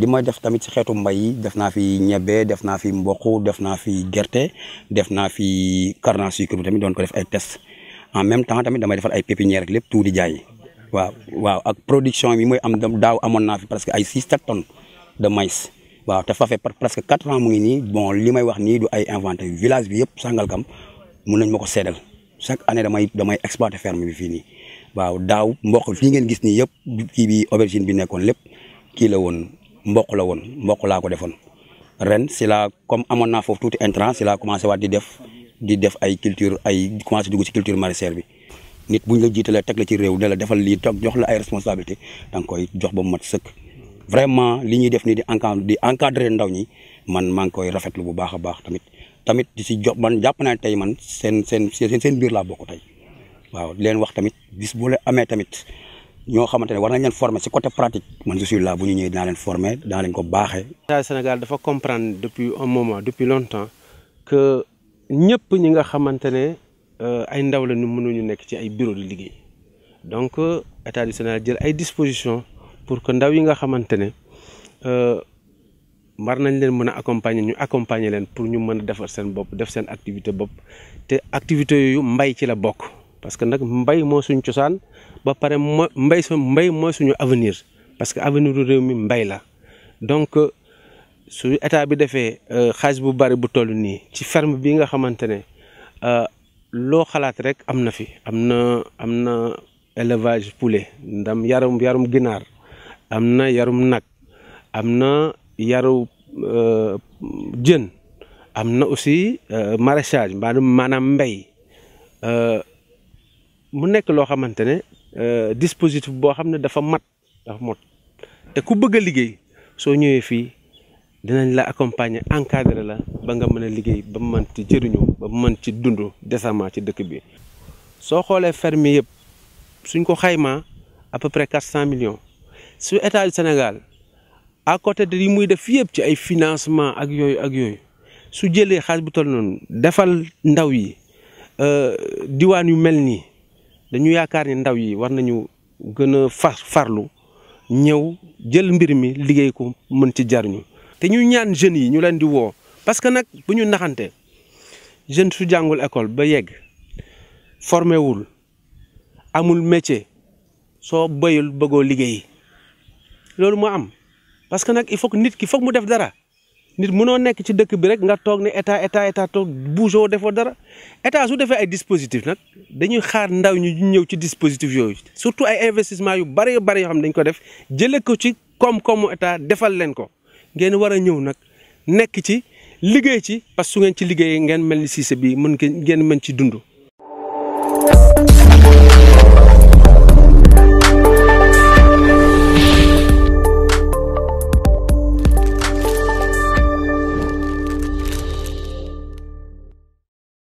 li def tamit ci xeetu mbay def na fi ñebe def na fi mboq def na fi gerté def na fi carnat sucre tamit don ko def ay test en même temps tamit damay defal ay pépinière ak lépp tout di jaay waaw waaw ak production bi moy am dam daw amon na fi presque ay 6 tonnes de maïs waaw te fafe presque 4 ans mu ngi ni bon limay wax ni du ay inventaire village bi yépp sangal kam mu nañ mako sédal chaque année damay damay exploité ferme bi fini waaw daw mbokk fi ngeen gis ni yépp ki bi aubergine bi nekkoon lepp ki la won mboq la woon mboq laa ko defoon ren si la comme amoon naa foofu tuuti intrant si laa commencé waat di def di def ay culture ay commencé dugg si culture maraîchère bi nit bu ñu la jiitalee teg la ci réew ne la defal lii toog jox la ay responsabilité da nga koy jox ba mu mat sëkk vraiment li ñuy def nii di encadre di encadrer ndaw ñi man maa ngi koy rafetlu bu baax a baax tamit tamit di si jox man jàpp naa tey man seen seen seen biir laa bokk tey waaw leen wax tamit bis bu amee tamit ñoo xamantene war nañ leen former ci côté pratique man je suis là bu ñu ñëw dina leen former dinaa leen ko baxé état Sénégal dafa comprendre depuis un moment depuis longtemps que ñëpp ñi nga xamantene ne euh, ay ndaw la ñu mënuñu nekk ci ay bureau de liguey donc euh, état du Sénégal jël ay disposition pour que ndaw yi nga xamantene euh mar nañ leen mëna accompagner ñu accompagner leen pour ñu mëna défar seen bop def seen activité bop té activité yooyu mbay ci la bokk. parce que nag mbay moo suñu cosaan ba pare mo mbay su mbay mooy suñu avenir parce que avenir u réew mi mbay la donc euh, su état bi defee euh, xaalis bu bari bu toll nii ci ferme bi nga xamante ne euh, loo xalaat rek am na fi am na am na élevage poulet ndam yarum yarum ginaar am na yarum nag am na yaru jën am na aussi maraîchage maanaam maanaam mbay mu nekk loo xamante ne euh, dispositif boo xam ne dafa mat dafa mot te ku bëgg liggéey soo ñëwee fii dinañ la accompagner encadrer la ba nga mën a liggéey ba mën ci jëriñu ba mu mën ci dund décemment ci dëkk bi. soo xoolee ferme yëpp suñ ko xaymaa à peu quatre cent millions su état du Sénégal à côté de li muy def yëpp ci ay financement ak yooyu ak yooyu su jëlee xaalis bu toll noonu defal ndaw yi euh, diwaan yu mel nii. dañu yaakaar ni ndaw yi war nañu gën a far farlu ñëw jël mbir mi liggéey ko mën ci jariñu te ñu ñaan jeunes yi ñu leen di woo parce que nag bu ñu naxantee jeune su jàngul école ba yegg formé wul amul métier soo béyul bëggoo liggéey loolu moo am parce que nag il faut nit ki foog mu def dara nit mënoo nekk ci dëkk bi rek nga toog ne état état état toog bougeo defoo dara état su defee ay dispositif nag dañuy xaar ndaw ñu ñëw ci dispositif yooyu surtout ay investissement yu bari yu bari yoo xam dañ ko def jëlee ko ci koom-koomu état defal leen ko ngeen war a ñëw nag nekk ci liggéey ci parce que su ngeen ci liggéeyee ngeen mel ni Cissé bi mën ngeen mën ci dund.